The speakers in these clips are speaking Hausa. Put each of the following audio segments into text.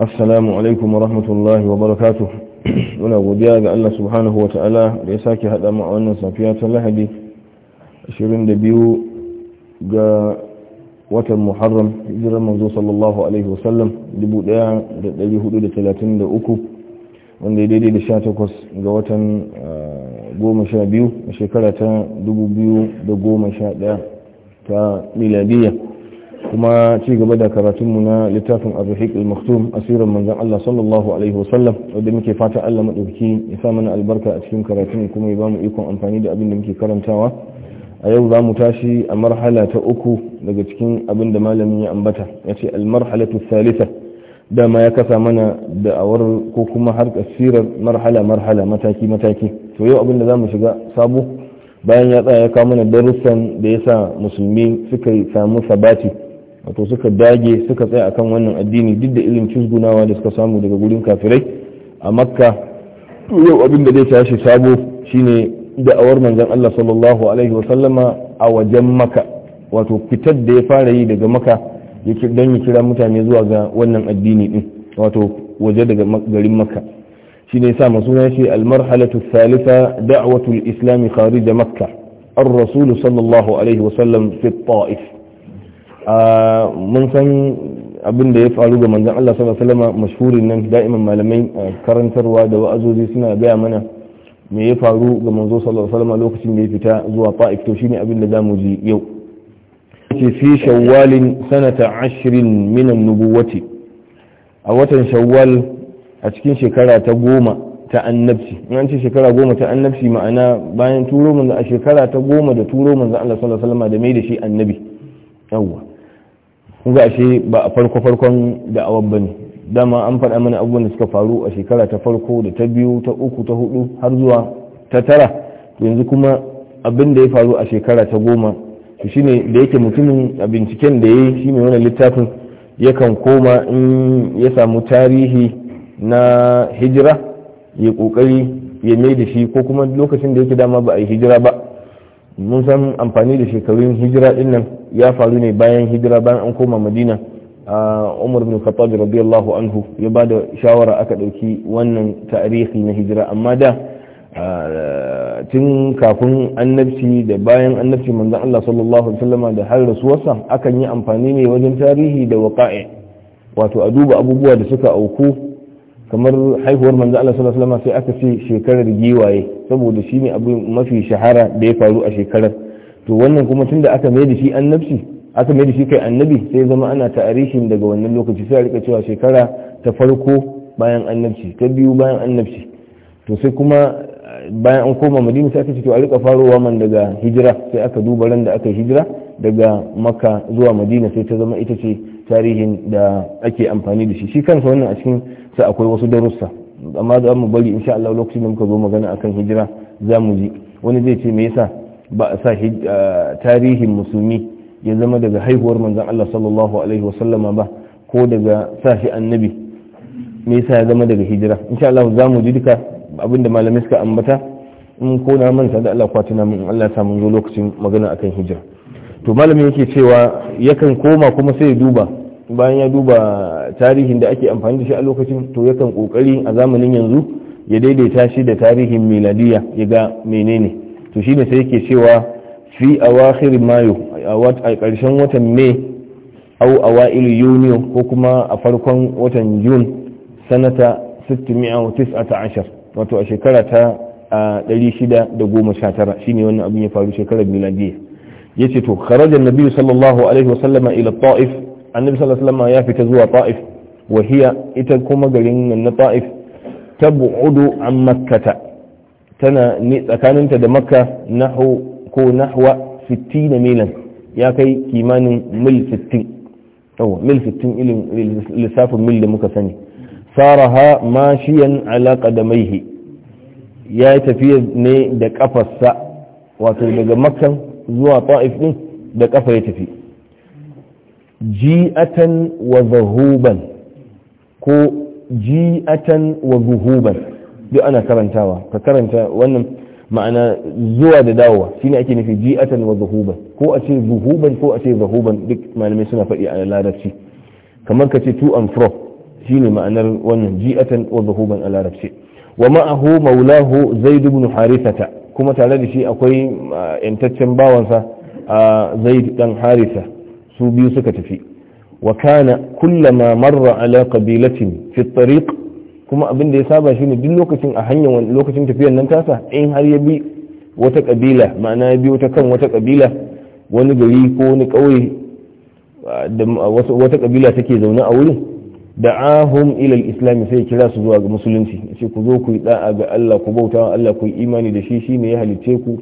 assalamu alaikum wa rahmatullahi wa barakatu muna godiya ga Allah subhanahu wa ta'ala da ya sake haɗa mu a wannan safiya ta lahadi 22 ga watan muharram hijirar manzo sallallahu alaihi wasallam 1433 wanda ya daidai da 18 ga watan ah, goma sha biyu a shekara ta 2011 ta miladiyya kuma ci gaba da karatunmu na littafin arzuhik al-maktum asirin manzan Allah sallallahu alaihi wasallam wadda muke fata Allah maɗauki ya sa mana albarka a cikin karatun kuma ya bamu ikon amfani da abin da muke karantawa a yau za mu tashi a marhala ta uku daga cikin abin da malamin ya ambata ya ce al-marhalatu thalitha dama ya kasa mana da'awar ko kuma har sirar marhala marhala mataki mataki to yau abin da za mu shiga sabo bayan ya tsaya ya kawo mana darussan da ya sa musulmi suka samu sabati wato suka dage suka tsaya akan wannan addini duk da irin cizgunawa da suka samu daga gurin kafirai a makka yau abin da zai tashi sabo shine da'awar manzon Allah sallallahu alaihi wa sallama a wajen makka wato fitar da ya fara yi daga maka yake don ya kira mutane zuwa ga wannan addini din wato waje daga garin makka shine yasa masuna shi al-marhalatu thalitha da'watul al-islam kharij makka ar-rasul sallallahu alaihi wa sallam fi taif mun san abin da ya faru ga manzon Allah sallallahu alaihi wasallam mashhurin nan da'iman malamai karantarwa da wa'azozi suna gaya mana me ya faru ga manzo sallallahu alaihi wasallam lokacin da ya fita zuwa Ta'if to shine abin da zamu ji yau ce fi shawwal sanata 20 min an-nubuwati a watan shawwal a cikin shekara ta goma ta annabci in an ce shekara goma ta annabci ma'ana bayan turo manzo a shekara ta goma da turo manzo Allah sallallahu alaihi wasallam da mai da shi annabi yawwa kun ga ashe ba a farko farkon da'awar ba ne dama an faɗa mana abubuwan da suka faru a shekara ta farko da ta biyu ta uku ta hudu har zuwa ta tara yanzu kuma abin da ya faru a shekara ta goma to shine da yake mutumin a binciken da ya yi mai wannan littafin yakan koma in ya samu tarihi na hijira ya kokari ya mai da shi ko kuma lokacin da yake dama ba a yi hijira ba mun san amfani da shekarun hijira din nan ya faru ne bayan hijira bayan an koma madina umar bin khattab radiyallahu anhu ya ba da shawara aka ɗauki wannan tarihi na hijira amma da tun kafin annabci da bayan annabci manzon Allah sallallahu alaihi wasallama da har rasuwarsa akan yi amfani ne wajen tarihi da waqa'i wato a duba abubuwa da suka auku kamar haihuwar manzo Allah sallallahu alaihi wasallam sai aka ce shekarar giwaye saboda shine abu mafi shahara da ya faru a shekarar to wannan kuma tunda aka mai da shi annabi aka mai da shi kai annabi sai zama ana tarihin daga wannan lokaci sai a rika cewa shekara ta farko bayan annabi ta biyu bayan annabi to sai kuma bayan an koma madina sai aka ce to a rika farowa man daga hijira sai aka duba ran da aka hijira daga maka zuwa madina sai ta zama ita ce tarihin da ake amfani da shi shi kansa wannan a cikin sa akwai wasu darussa amma za mu bari insha Allah lokacin da muka zo magana akan hijira za mu ji wani zai ce me yasa ba a sa tarihin musulmi ya zama daga haihuwar manzon Allah sallallahu alaihi wa sallama ba ko daga sa annabi me yasa ya zama daga hijira insha Allah za mu ji duka abinda malamai suka ambata in ko na manta da Allah kwatuna mun Allah ya samu zo lokacin magana akan hijira to malami yake cewa yakan koma kuma sai ya duba bayan ya duba tarihin da ake amfani da shi a lokacin to yakan kokari a zamanin yanzu ya daidaita shi da tarihin miladiya ya ga menene to shine sai yake cewa fi awakhir mayo a karshen watan me au awail yuniyo ko kuma a farkon watan jun sanata 619 wato a shekara ta 619 shine wannan abin ya faru shekarar miladiya yace to kharaja annabi sallallahu alaihi wasallam ila ta'if annabi sallallahu alaihi wasallam ya fita zuwa ta'if wa hiya ita kuma garin na ta'if tab'udu an makkata tana ni tsakaninta da makka nahu ko nahwa 60 milan ya kai kimanin mil 60 yawa mil 60 ilin mil da muka sani saraha mashiyan ala qadamaihi ya tafiya ne da kafarsa wato daga makkan zuwa ta'if din da kafa ya tafi ji'atan wa zahuban ko ji'atan wa zuhuban duk ana karantawa ka karanta wannan ma'ana zuwa da dawowa shine ake nufi ji'atan wa zuhuban ko a ce zuhuban ko a ce zahuban duk malamai suna faɗi a larabci kamar ka ce to and fro shine ma'anar wannan ji'atan wa zuhuban a larabci wa ma'ahu maulahu zaid ibn harithata kuma tare da shi akwai yantaccen ah, bawansa a ah, zaid dan harisa su biyu suka tafi wa kana kullama marra ala qabilatin fi tariq kuma abin da ya saba shi ne duk lokacin a hanyar lokacin tafiyar nan tasa in har ya bi wata kabila ma'ana ya bi wata kan wata kabila wani gari ko wani kauye ah, da wata kabila take zaune a wurin da ila al islami sai kira su zuwa ga musulunci yace ku zo ku yi da'a ga Allah ku bauta Allah ku yi imani da shi shine ya halitte ku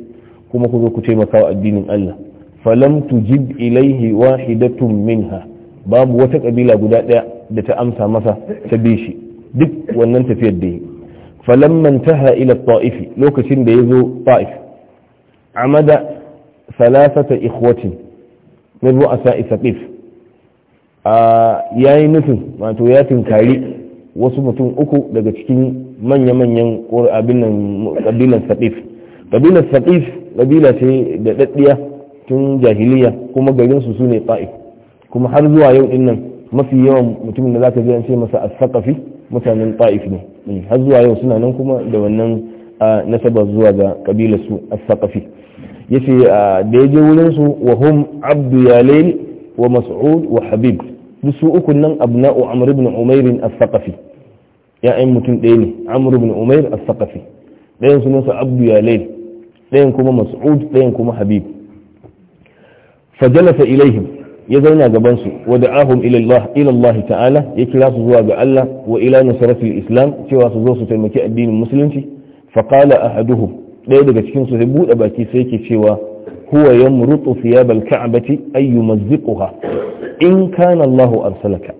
kuma ku zo ku taimaka wa addinin Allah falam tujib ilaihi wahidatun minha babu wata kabila guda daya da ta amsa masa ta bi shi duk wannan tafiyar da yi falam mantaha ila ta'ifi lokacin da ya zo ta'if amada thalathata ikhwatin min ru'asa thaqif ya yi nufin wato ya tinkari wasu mutum uku daga cikin manya-manyan kabilan saɗif ƙabilar saɗif ƙabila ce da ɗaɗɗiya tun jahiliya kuma garin su ne ta'if kuma har zuwa yau dinnan mafi yawan mutumin da za ka an masa asakafi mutanen ta'if ne eh, har zuwa yau suna nan kuma da wannan nasaba zuwa ga ƙabilar su asakafi yace da ya je wurin su wa hum abdu yalil wa mas'ud wa habib duk su uku nan abna'u amr ibn umair al-thaqafi ya'yan mutum ɗaya ne amr ibn umair al-thaqafi ɗayan sunansa abdu yalay ɗayan kuma mas'ud ɗayan kuma habib fajalasa ilaihim ya zauna gabansu su wa da'ahum Allah ila Allah ta'ala ya kira su zuwa ga Allah wa ila nusratil islam cewa su zo su taimaki addinin musulunci fa qala ahaduhum ɗaya daga cikin su sai bude baki sai yake cewa huwa yamrutu thiyab al-ka'bati ay yumazziquha in kana Allahu arsalaka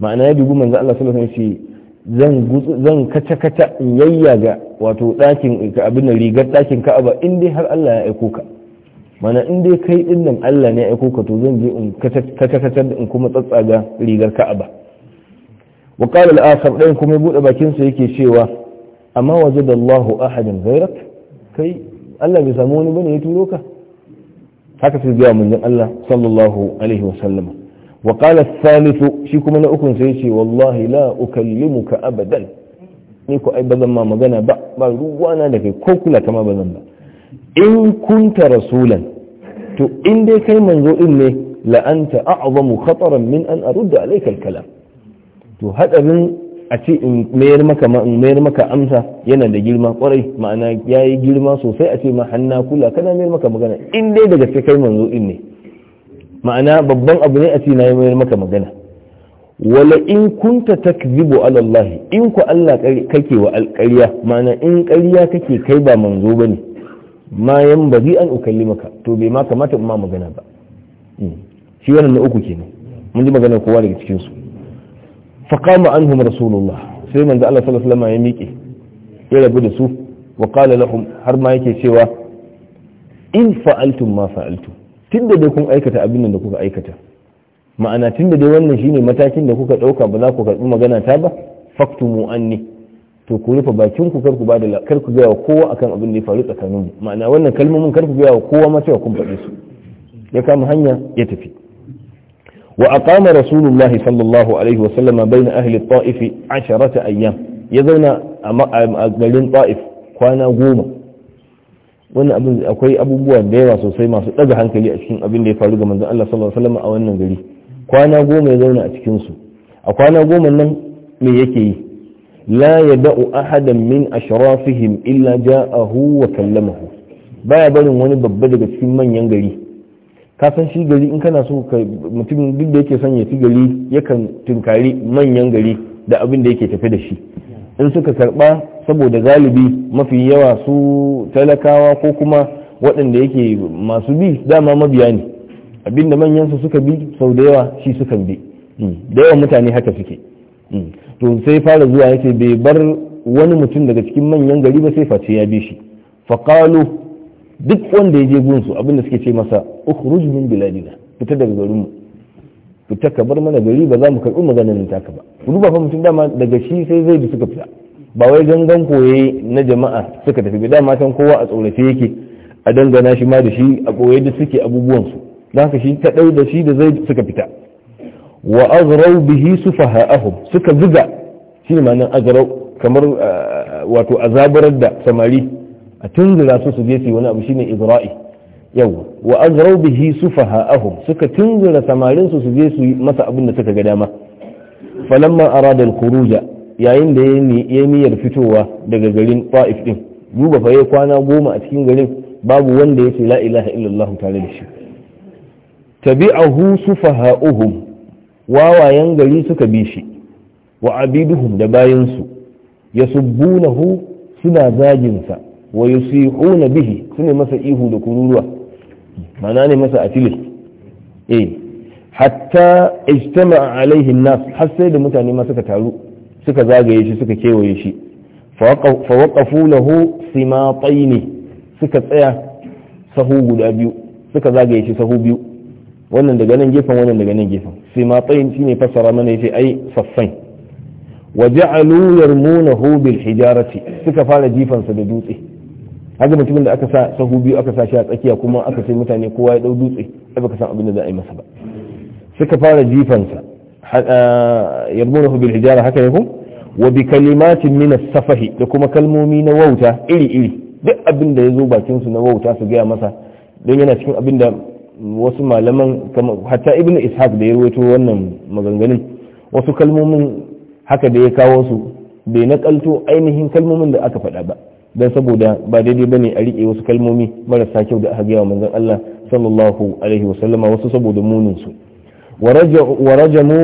ma'ana ya dubi manzo Allah sallallahu alaihi wasallam zan kace kace in yayyaga wato dakin abin da rigar dakin Ka'aba in dai har Allah ya aiko ka mana in dai kai din nan Allah ne ya aiko ka to zan je in kace kace in kuma tsatsaga rigar Ka'aba wa qala al-akhar dan kuma ya bude bakin sa yake cewa amma wajada Allahu ahadan ghayrak kai Allah bai samu wani bane ya turo ka haka su gaya manzon Allah sallallahu alaihi wa sallama wa qala shi kuma na ukun sai yace wallahi la ukallimuka abadan ni ko ai bazan ma magana ba ba ruwana da kai ko kula kama bazan ba in kunta rasulan to in dai kai manzo din ne la anta a'zamu khataran min an arudda alayka al-kalam to hadarin a ce in mayar maka in mayar maka amsa yana da girma kwarai ma'ana ya yi girma sosai a ce ma hanna kula kana mayar maka magana in dai daga sai kai manzo in ne ma'ana babban abu ne a ce na yi mayar maka magana wala in kunta takzibu ala Allah in ku Allah kake wa alƙarya ma'ana in ƙarya kake kai ba manzo bane ma yan bazi an ukallimaka to bai ma kamata in ma magana ba hmm. shi wannan na uku kenan mun ji magana kowa daga cikin su faqama anhum rasulullah sai manzo Allah sallallahu alaihi wasallam ya miƙe ya rabu da su wa qala lahum har ma yake cewa in fa'altum ma fa'altum tunda dai kun aikata abin da kuka aikata ma'ana tunda dai wannan shine matakin da kuka dauka ba za ku karbi magana ta ba faktumu anni to ku rufe bakin ku kar ku kar ku gaya wa kowa akan abin da ya faru tsakanin ma'ana wannan kalmomin kar ku gaya wa kowa ma cewa kun faɗe su ya kama hanya ya tafi وأقام رسول الله صلى الله عليه وسلم بين أهل الطائف ya أيام يزونا أقلين طائف كان قوما wannan abin akwai abubuwa da yawa sosai masu ɗaga hankali a cikin abin da ya faru ga manzon Allah sallallahu alaihi wasallam a wannan gari kwana goma ya zauna a cikin su a kwana goma nan me yake yi la yada'u ahadan min ashrafihim illa ja'ahu wa kallamahu baya barin wani babba daga cikin manyan gari ka san shi gari in kana so mutum duk da yake son ya fi gari yakan tunkari manyan gari da abin da yake tafi da shi in suka karba saboda galibi mafi yawa su talakawa ko kuma waɗanda yake masu bi dama mabiya ne abinda su suka bi sau da yawa shi sukan bi hmm. da yawan mutane haka suke hmm. to sai fara zuwa yake bai bar wani mutum daga cikin manyan gari ba sai face ya bi shi faqalu duk wanda ya je gunsu abinda suke ce masa ukhruj min biladina fita daga garinmu fita ka bar mana gari ba za mu karɓi maganar taka ba ku duba fa mutum dama daga shi sai zai bi suka fita ba wai gangan koye na jama'a suka tafi ba dama kowa a tsorace yake a dangana shi ma da shi a koye da suke abubuwan su don haka shi dau da shi da zai suka fita wa azraw bihi sufaha'ahum suka zuga ma ma'anar azraw kamar ah, wato azabarar da samari a tunzura su su je su wani abu shine idra'i yau wa azraw bihi sufaha'ahum suka tunzura samarin su su je su masa abin da suka ga dama falamma arada al-khuruja yayin da ya niyyar fitowa daga garin Ta'if din duba fa kwana goma a cikin garin babu wanda ya la ilaha illallah tare da shi tabi'ahu sufaha'uhum wawayen gari suka bi shi wa abiduhum da bayansu yasubbunahu suna zaginsa wa yusihuna bihi sune masa ihu da kururuwa mana ne masa atile eh hatta ijtama'a alaihi nas har sai da mutane ma suka taru suka zagaye shi suka kewaye shi fa waqafu lahu simataini suka tsaya sahu guda biyu suka zagaye shi sahu biyu wannan daga nan gefen wannan daga nan gefen simataini shine fassara mana yace ai saffai wa ja'alu yarmunahu bil hijarati suka fara jifansa da dutse haka mutumin da aka sa sahu biyu aka sa shi a tsakiya kuma aka sai mutane kowa ya dau dutse sai baka san abin da za a yi masa ba suka fara jifansa yarmunahu bil hijara haka ne ko wa bi kalimatin min as-safahi da kuma kalmomi na wauta iri iri duk abin da yazo bakin su na wauta su gaya masa don yana cikin abin da wasu malaman hatta ibn ishaq da ya rawaito wannan maganganun wasu kalmomin haka da ya kawo su bai nakalto ainihin kalmomin da aka faɗa ba dan saboda ba daidai ba bane a rike wasu kalmomi marasa kyau da aka gaya manzon Allah sallallahu alaihi wa wasallama wasu saboda munin su warajamu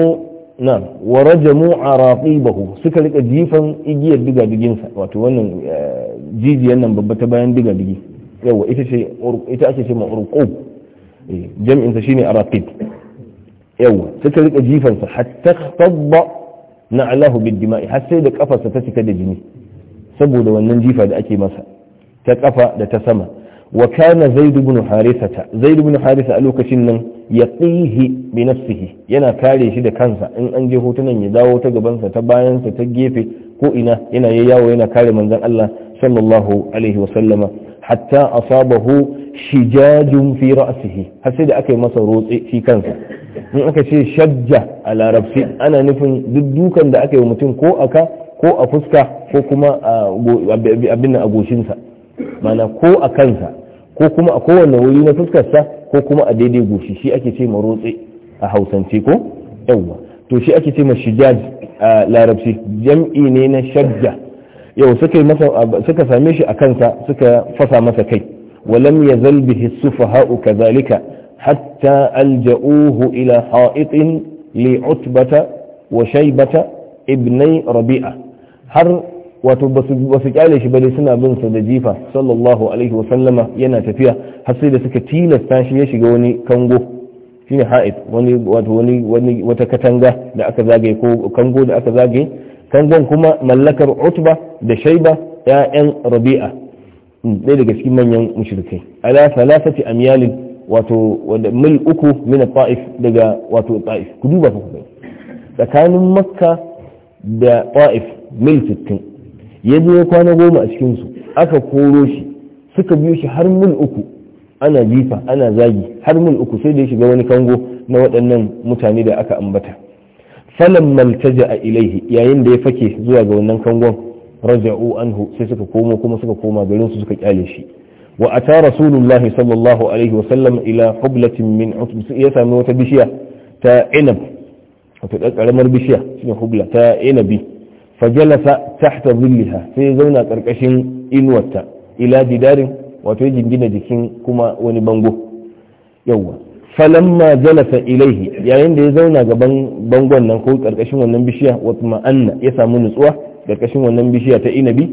na warajamu araqibahu suka rika jifan igiyar diga diginsa wato wannan eh, jijiyar nan babba ta bayan diga digi yawa ita ce ita ake ce ma urqub eh, jam'in ta shine araqib yawa suka rika jifansa hatta tabba na'alahu bid dima'i har sai da kafarsa ta cika da jini saboda wannan jifa da ake masa ta kafa da ta sama wa kana zaid ibn ta zaid ibn harisa a lokacin nan ya bi nafsihi yana kare shi da kansa in an je hotunan ya dawo ta gabansa ta bayansa ta gefe ko ina yana yawo yana kare manzon Allah sallallahu alaihi wa sallama hatta asabahu shijajun fi ra'sihi har sai da aka yi masa rotse shi kansa in aka ce shajja a larabci ana nufin duk dukan da aka yi mutum ko aka ko a fuska ko kuma abin a goshinsa mana ko a kansa ko kuma a kowane wuri na fuskarsa ko kuma a daidai goshi shi ake ce ma rotse a hausance ko yawwa to shi ake ce ma shijaj a larabci jam'i ne na shajja yau suka same shi a kansa suka fasa masa kai walam ya zalbi hissufa ha'u kazalika hatta alja'uhu ila ha'itin li utbata wa shaibata ibnai rabi'a har wato ba su kyale shi bane suna bin sa da jifa sallallahu alaihi wasallama yana tafiya har sai da suka tilasta shi ya shiga wani kango shine ha'id wani wato wani wata katanga da aka zage ko kango da aka zage kangon kuma mallakar utba da shaiba ya'yan rabi'a ɗaya daga cikin manyan mushrikai ala salasati amyalin wato wanda mil uku min ta'if daga wato ta'if ku duba ku tsakanin makka da ta'if mil 60 ya je kwana goma a cikinsu aka koro shi suka biyo shi har mil uku ana jifa ana zagi har mil uku sai da ya shiga wani kango na waɗannan mutane da aka ambata falan maltaja a ilaihi yayin da ya fake zuwa ga wannan kangon raja'u anhu sai suka komo kuma suka koma garin su suka kyale shi wa ata rasulullahi sallallahu alaihi wasallam ila hublatin min utb ya sami wata bishiya ta inab wato ƙaramar bishiya shine hubla ta inabi fajalasa tahta zilliha sai ya zauna ƙarƙashin inwata ila didarin wato jingina jikin kuma wani bango yawwa falamma jalasa ilaihi yayin da ya zauna gaban bangon nan ko karkashin wannan bishiya wa anna ya samu nutsuwa karkashin wannan bishiya ta inabi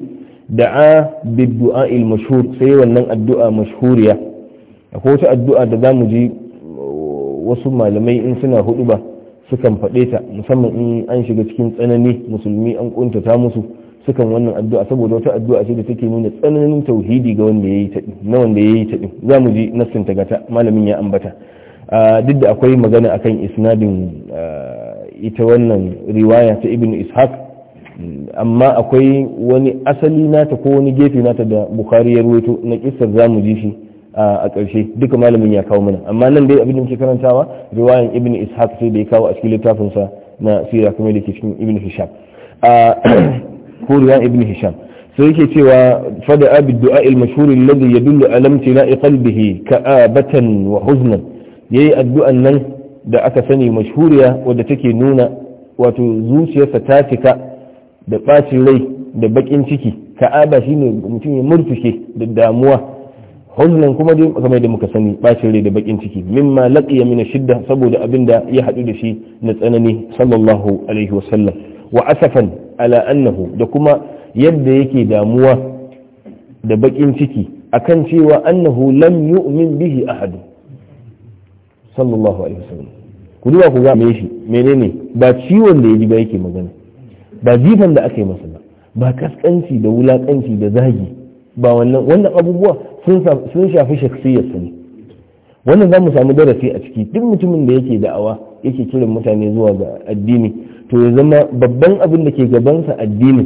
da'a biddu'a il sai wannan addu'a mashhuriya akwai wata addu'a da zamu ji wasu malamai in suna hudu ba sukan faɗe ta musamman in an shiga cikin tsanani musulmi an kuntata musu sukan wannan addu'a saboda wata addu'a ce da take nuna tsananin tauhidi ga wanda yayi taɗi na wanda yayi taɗi za mu ji nassin ta gata malamin ya ambata duk da akwai magana akan isnadin ita wannan riwaya ta ibnu ishaq amma akwai wani asali nata ko wani gefe nata da bukhari ya ruwaito na kissar za mu ji shi a ƙarshe duka malamin ya kawo mana amma nan dai abin da muke karantawa riwayan ibn ishaq sai da ya kawo a cikin littafinsa na sira kuma da ke cikin ibn hisham ko riwayan ibn hisham sai yake cewa fada abi du'a al mashhur alladhi yadullu ala imtina'i qalbihi ka'abatan wa huznan yayi addu'an nan da aka sani mashhuriya wadda take nuna wato zuciyarsa ta cika da bacin rai da bakin ciki ka'aba shine mutum ya murtuke da damuwa huznan kuma dai kamar da muka sani bacin rai da bakin ciki mimma laqiya min shidda saboda abin da ya hadu da shi na tsanani sallallahu alaihi wa sallam wa asafan ala annahu da kuma yadda yake damuwa da bakin ciki akan cewa annahu lam yu'min bihi ahad sallallahu alaihi wa sallam ku duba ku ga me shi menene ba ciwon da ya ji ba yake magana ba jifan da aka yi masa ba ba kaskanci da wulakanci da zagi ba wannan wannan abubuwa sun shafi shaksiyar su ne wannan za mu samu darasi a ciki duk mutumin da yake da'awa yake kiran mutane zuwa ga addini to ya zama babban abin da ke gabansa addini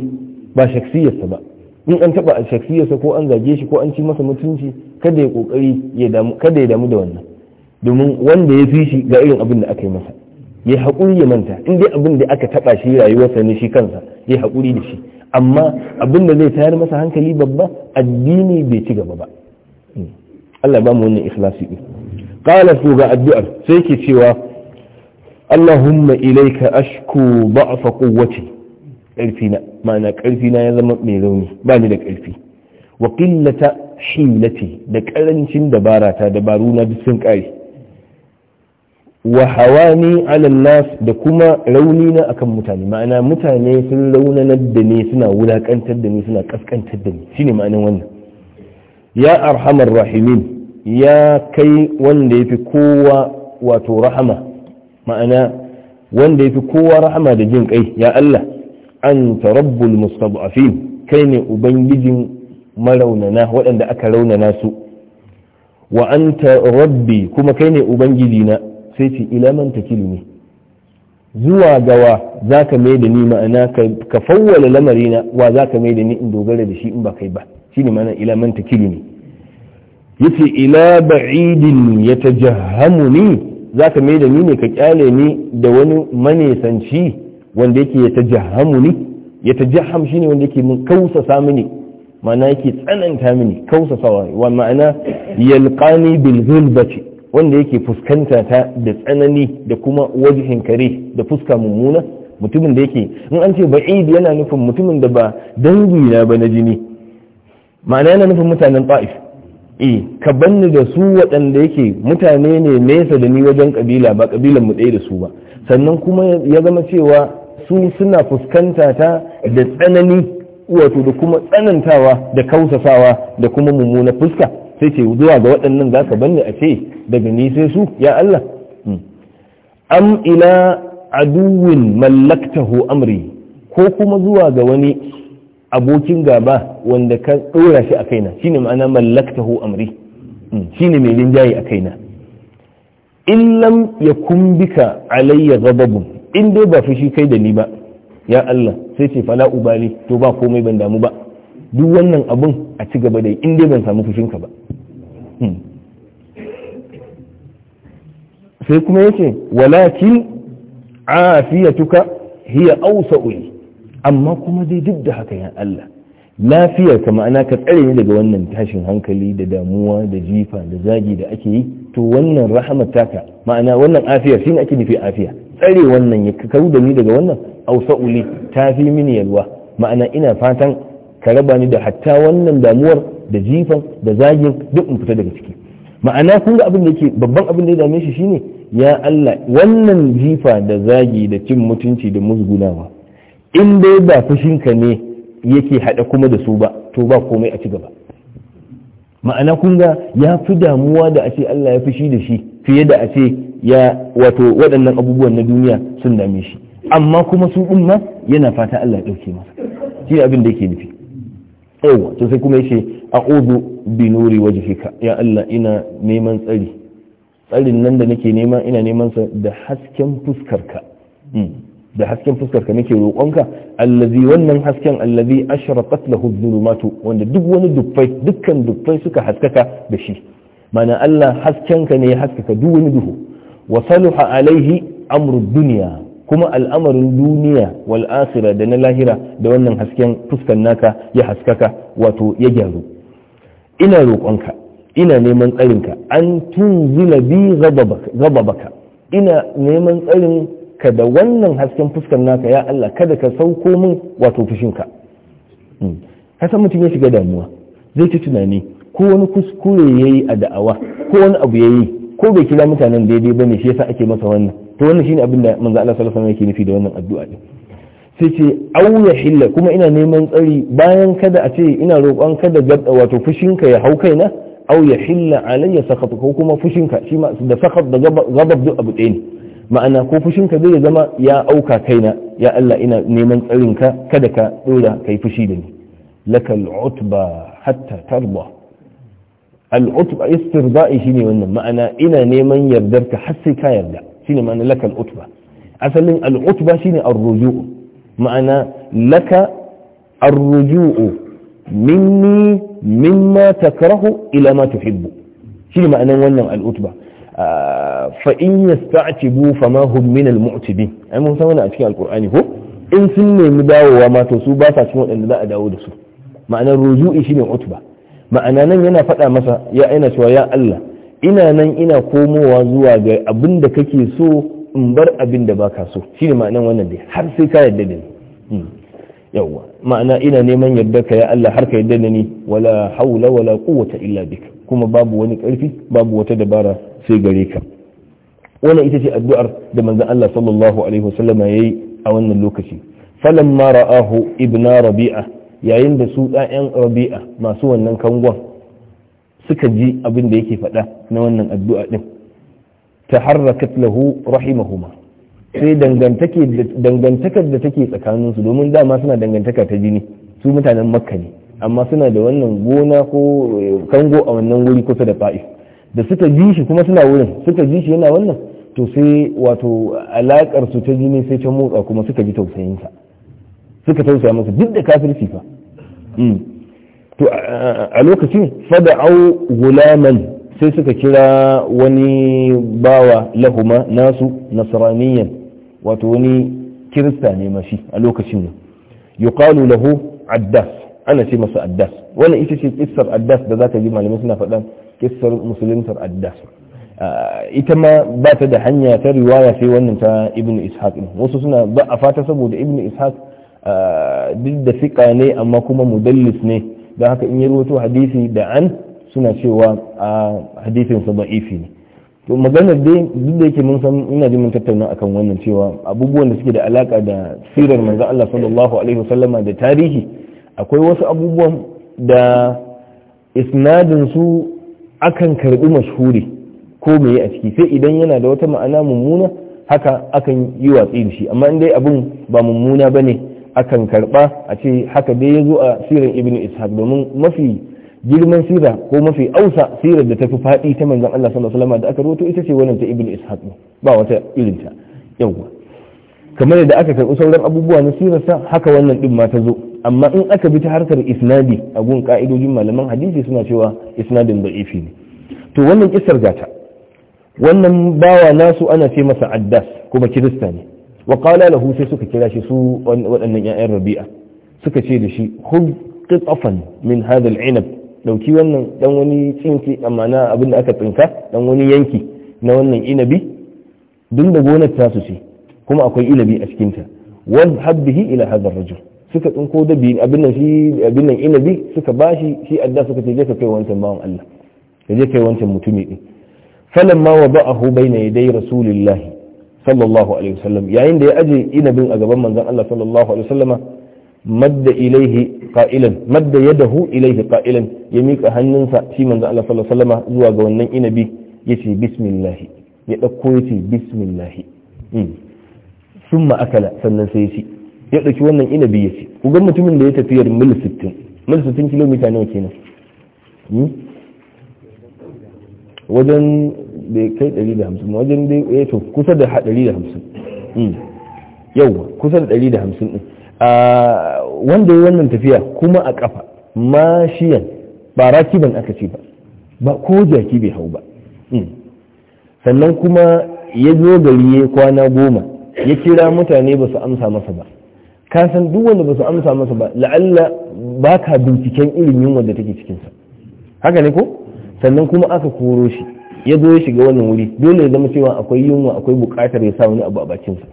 ba shaksiyarsa ba in an taba shaksiyarsa ko an zage shi ko an ci masa mutunci kada ya kokari ya damu kada ya damu da wannan domin wanda ya fi shi ga irin abin da aka yi masa ya haƙuri ya manta in dai abin da aka taba shi rayuwarsa ne shi kansa ya haƙuri da shi amma abin da zai tayar masa hankali babba addini bai ci gaba ba hmm. Allah ba mu wannan ikhlasi din qala su ga addu'ar sai ke cewa Allahumma ilayka ashku da'fa quwwati Ƙarfina ma'ana ƙarfina ya zama mai rauni ba ni da karfi wa qillata hilati da dabara, dabarata dabaruna duk sun ƙare wa hawani nas da kuma rauni na akan mutane ma'ana mutane sun raunanar da ni suna wulakantar da ni suna kaskantar da ni shine ma'anin wannan ya arhamar rahimin ya kai wanda fi kowa wato rahama ma'ana wanda yafi kowa rahama da jin kai ya Allah anta rabbul mustad'afin kai ne ubangijin maraunana waɗanda aka raunana su wa anta rabbi kuma kai ne ubangijina sai ce ilaman takilu ne zuwa gawa za ka mai da ni ma'ana ka fawwala lamarina wa za ka mai da ni in dogara da shi in ba kai ba shi ne ma'ana ilaman kilimi ya ce ila ba'idin ya ta ni za ka mai da ni ne ka kyale ni da wani manesanci wanda yake ya tajahamu ni ya tajaham shi ne wanda yake min kausasa mini ma'ana yake tsananta mini kausasawa wa ma'ana yalqani bil ghulbati wanda yake fuskanta ta da tsanani da kuma wajihin kare da fuska mummuna mutumin da yake in an ce ba'id yana nufin mutumin da ba dangi na ba na jini ma'ana yana nufin mutanen ta'if e ka banni da su waɗanda yake mutane ne nesa da ni wajen kabila ba kabilan mu ɗaya da su ba sannan kuma ya zama cewa su suna fuskanta ta da tsanani wato da kuma tsanantawa da kausasawa da kuma mummuna fuska sai ce zuwa ga waɗannan za ka banni a ce daga ni su ya Allah hmm. am ila aduwin mallaktahu amri ko kuma zuwa ga wani abokin gaba wanda ka ɗora shi a kaina shine ma'ana mallaktahu amri hmm. ne mai linjaye a kaina in lam ya kumbika alayya ghadabun in dai ba fushi kai da ni ba ya Allah sai ce fala ubali to ba komai ban damu ba duk wannan abun a ci gaba da in dai ban samu fushinka ba hmm. sai kuma yake walakin afiyatuka hiya awsa'uli amma kuma dai duk da haka ya Allah lafiyar ka ma'ana ka tsare ni daga wannan tashin hankali da damuwa da jifa da zagi da ake yi to wannan rahamar taka ma'ana wannan afiyar Shin ake nufi afiya tsare wannan ya karu da ni daga wannan ta fi mini yalwa ma'ana ina fatan ka raba ni da hatta wannan damuwar da jifan da zagin duk in fita daga ciki ma'ana kun ga abin da yake babban abin da ya dame shi shine ya Allah wannan jifa da zagi da cin mutunci da musgunawa in dai ba ka ne yake hada kuma da su ba to ba komai a ci gaba ma'ana kun ga ya fi damuwa da a ce Allah ya fushi da shi fiye da a ce ya wato waɗannan abubuwan na duniya sun dame shi amma kuma su ɗin yana fata Allah ya ɗauke masa shi abin da yake nufi yawa to sai kuma a a'udhu binuri nuri wajhika ya Allah ina neman tsari tsarin nan da nake nema ina neman sa da hasken fuskarka hmm. da hasken fuskarka nake roƙonka allazi wannan hasken allazi ashraqat lahu dhulumatu wanda duk wani dufai dukkan dufai suka haskaka da shi mana Allah haskenka ne ya haskaka duk wani duhu wa saluha alaihi amru dunya kuma al'amarin duniya wal asira da na lahira da wannan hasken fuskar naka ya haskaka wato ya gyaru ina roƙonka ina neman tsarinka an tunzila bi gababaka ina neman tsarin ka da wannan hasken fuskar naka ya Allah kada ka sauko min wato fushinka hmm. ka san mutum ya shiga damuwa zai ci tunani ko wani kuskure yayi a da'awa ko wani abu yayi ko bai kira mutanen daidai ba ne shi yasa ake masa wannan to wannan shine abin da manzo Allah sallallahu alaihi wasallam yake nufi da wannan addu'a din sai ce au hilla kuma ina neman tsari bayan kada a ce ina roƙon kada gadda wato fushinka ya hau kaina au ya hilla alayya ko kuma fushinka shi ma da sakhat da gabab duk abu ɗaya ne ma'ana ko fushinka zai zama ya auka kaina ya Allah ina neman tsarinka kada ka dora kai fushi da ni lakal utba hatta tarba al'utba istirda'i shine wannan ma'ana ina neman yardarka har sai ka yarda shine ma'ana laka al'utba asalin al'utba shine ar-ruju'u ma'ana laka ar-ruju'u minni mimma takrahu ila ma tuhibbu shine ma'anan wannan al'utba fa in yasta'tibu fama hum min al-mu'tibin ai mun san wannan a cikin alqur'ani ko in sun nemi dawowa ma to su ba sa cikin waɗanda za a dawo da su ma'anar ruju'i shine utba ma'ana nan yana faɗa masa ya aina cewa ya Allah ina nan ina komowa zuwa ga abin da kake so in bar abin da baka so shine ma'anan wannan dai har sai ka yarda da ni hmm. yawwa ma'ana ina neman yarda ka ya Allah har ka yarda da ni wala haula wala quwwata illa bik kuma babu wani karfi babu wata dabara sai gare ka wannan ita ce addu'ar da manzon Allah sallallahu alaihi wasallama yayi a wannan lokaci falamma ra'ahu ibna rabi'a yayin da su ɗayan rabi'a masu wannan kangon suka ji abin da yake faɗa na wannan addu'a ɗin ta harrakat lahu rahimahuma sai dangantakar da take tsakaninsu domin dama suna dangantaka ta jini su mutanen makka ne amma suna da wannan gona ko eh, kango a wannan wuri kusa da fa'i da suka ji shi kuma suna wurin suka ji shi yana wannan to sai wato alakar su ta jini sai ta motsa kuma suka ji tausayinsa suka tausaya masa duk da kafirci fa hmm. to a lokacin fada'au gulaman sai suka kira wani bawa lahuma nasu nasraniyan wato wani kirista ne mashi a lokacin nan yuqalu lahu addas ana ce masa addas wannan ita ce kissar addas da zaka ji malamai suna faɗan kissar musuluntar addas ita ma ba ta da hanya ta riwaya sai wannan ta ibnu ishaq wasu suna ba a fata saboda ibnu ishaq duk da fiƙa ne amma kuma mudallis ne don haka in ya rubuto hadisi da an suna cewa a hadisin sa ba'ifi ne to maganar dai duk da yake mun san ina ji mun tattauna akan wannan cewa abubuwan da suke da alaka da sirar manzon Allah sallallahu alaihi wasallama da tarihi akwai wasu abubuwan da isnadin su akan karbi mashhuri ko me a ciki sai idan yana da wata ma'ana mummuna haka akan yi watsi da shi amma in dai abun ba mummuna bane akan karba a ce haka dai ya zo a sirar ibn ishaq domin mafi girman sira ko mafi ausa sirar da ta fi faɗi ta manzan Allah sallallahu alaihi wasallam da aka rawaito ita ce wannan ta ibn ishaq ba wata irin ta yawa kamar da aka karbi sauran abubuwa na sirarsa haka wannan din ma ta zo amma in aka bi ta harkar isnadi a gun ka'idojin malaman hadisi suna cewa isnadin da'ifi ne to wannan kissar gata wannan bawa nasu ana ce masa addas kuma kirista ne wa qala lahu sai suka kira shi su waɗannan 'ya'yan rabi'a suka ce da shi khudh qitafan min hadal inab dauki wannan dan wani tsinki amma na abin da aka tsinka dan wani yanki na wannan inabi duk da gonar tasu ce kuma akwai inabi a cikinta wan habbihi ila hadar rajul suka tsinko dabi abin nan shi abin nan inabi suka bashi shi adda suka ce ka kai wancan bawan Allah ka je kai wancan mutumi din falamma wada'ahu bayna yaday rasulillah sallallahu alaihi wasallam yayin da ya aje inabin a gaban manzon Allah sallallahu alaihi wasallam madda ilaihi qa'ilan madda yadahu ilaihi qa'ilan ya miƙa hannunsa shi manzon Allah sallallahu alaihi wasallam zuwa ga wannan inabi yace bismillah ya dauko yace bismillah hmm. summa akala sannan sai shi ya dauki wannan inabi yace ku ga mutumin da ya tafiyar mil 60 mil 60 kilomita nawa kenan hmm? wajen kai 150 wajen da ya eh to kusa da 150 hmm. yau kusa da 150 din ah, wanda ya wannan tafiya kuma a kafa mashiyan ba ban aka ce ba ba ko jaki bai hau ba hmm. sannan kuma ya zo gari ya kwana goma ya kira mutane ba su amsa masa ba kasan duk wanda ba su amsa masa ba la'alla ba ka binciken irin yunwa da take cikinsa haka ne ko sannan kuma aka koro shi ya zo ya shiga wannan wuri dole ya zama cewa akwai yunwa akwai bukatar ya sa wani abu a bakinsa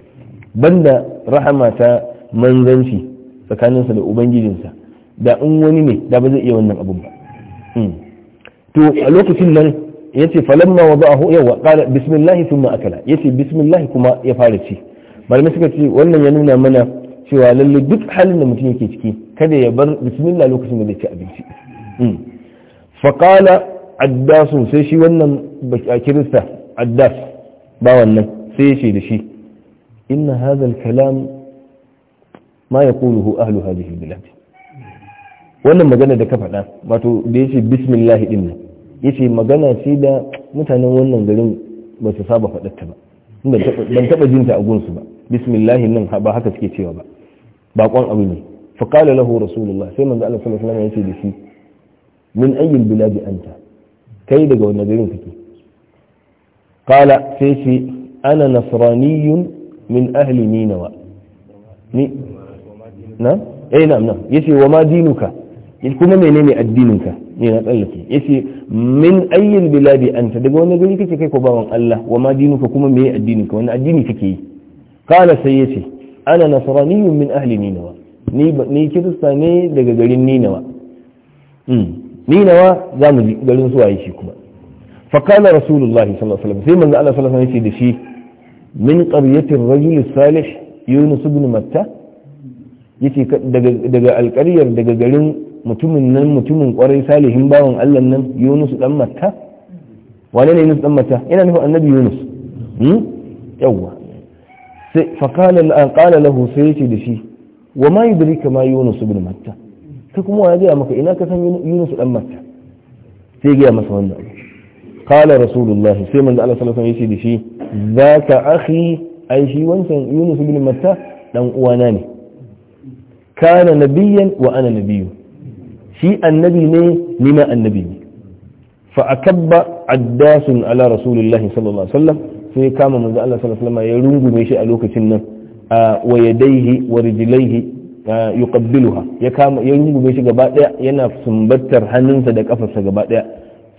banda rahama ta manzanci tsakaninsa da ubangijinsa da in wani ne da ba zai iya wannan abun ba hmm. to a lokacin nan ya ce falamma wa yawa qala bismillahi thumma akala ya ce kuma ya fara ci malamai suka ce wannan ya nuna mana cewa lalle duk halin da mutum yake ciki kada ya bar bismillah lokacin da zai ci abinci hmm. fa addasun sai shi wannan a kirista addas ba wannan sai ya ce da shi inna hazal kalam ma yaquluhu ahlu hadhihi bilad wannan magana da ka faɗa wato da yace bismillah din nan yace magana ce da mutanen wannan garin ba su saba faɗar ba ban taɓa jinta a gunsu ba bismillah nan ba haka suke cewa ba bakon abu ne fa qala lahu rasulullah sai manzo Allah sallallahu alaihi wasallam yace da shi min ayyul biladi anta kai daga wani garin kake kala sai shi ana nasraniyun min ahli ninawa ni na eh na na yace wa ma dinuka kuma menene addininka ne na tsallake yace min ayyil biladi anta daga wani gari kake kai ko bawan Allah wa ma dinuka kuma me addininka wani addini kake yi kala sai yace ana nasraniyun min ahli ninawa ni ni kirista ne daga garin ninawa hmm Ni nawa za mu ji garin su waye shi kuma fakala rasulullah sallallahu alaihi wasallam sai manzo Allah sallallahu alaihi wasallam da shi min qaryati ar-rajul salih yunus ibn matta yace daga daga alƙaryar daga garin mutumin nan mutumin kwarai salihin bawan Allah nan yunus dan matta wane ne yunus dan matta Ina nufin annabi yunus hmm? Yawa, sai fakala qala lahu sai yace da shi wa ma yudrika ma yunus ibn matta sai kuma ya gaya maka ina ka san yunus dan matta sai gaya masa wannan Kala rasulullah sai manzo Allah sallallahu alaihi wasallam yace da shi zaka akhi ai shi wancan yunus bin matta dan uwana ne kana nabiyyan wa ana nabiyyu shi annabi ne ni ma annabi ne fa akabba addasun ala rasulillahi sallallahu alaihi wasallam sai kama manzo Allah sallallahu alaihi wasallam ya rungume shi a lokacin nan a wayadaihi wa rijlaihi yuqabbiluha ya kama ya rungume shi gaba daya yana sumbatar hannunsa da kafarsa gaba daya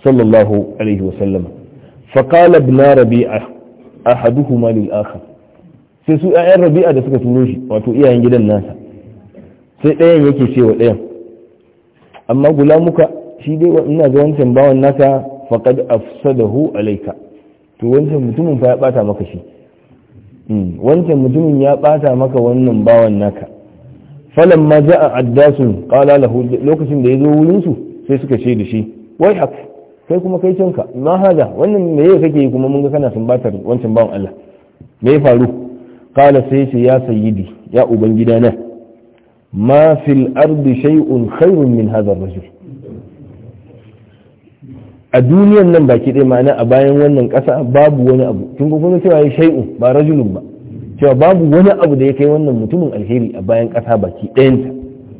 sallallahu alaihi wasallam fa qala ibn rabi'a ahaduhuma lil akhar sai su ayyan rabi'a da suka turo shi wato iyayen gidan nasa sai ɗayan yake cewa ɗayan amma gulamuka shi dai ina ga wancan bawan naka faqad afsadahu alayka to wancan mutumin fa ya bata maka shi wancan mutumin ya bata maka wannan bawan naka فلما جاء addasun qala له lokacin da يزو wurin su sai suka ce da shi wai hak kai kuma kai canka ma hada wannan me yake kake kuma mun ga kana sumbatar wancan bawan Allah me ya faru qala sai ya sayyidi ya ubangida na ma fil ardi shay'un khairun min hadha ar-rajul a duniyan nan baki ɗaya ma'ana a bayan wannan kasa babu wani abu kin ga kuma cewa shay'un ba rajulun ba cewa babu wani abu da ya kai wannan mutumin alheri a bayan ƙasa baki ɗayanta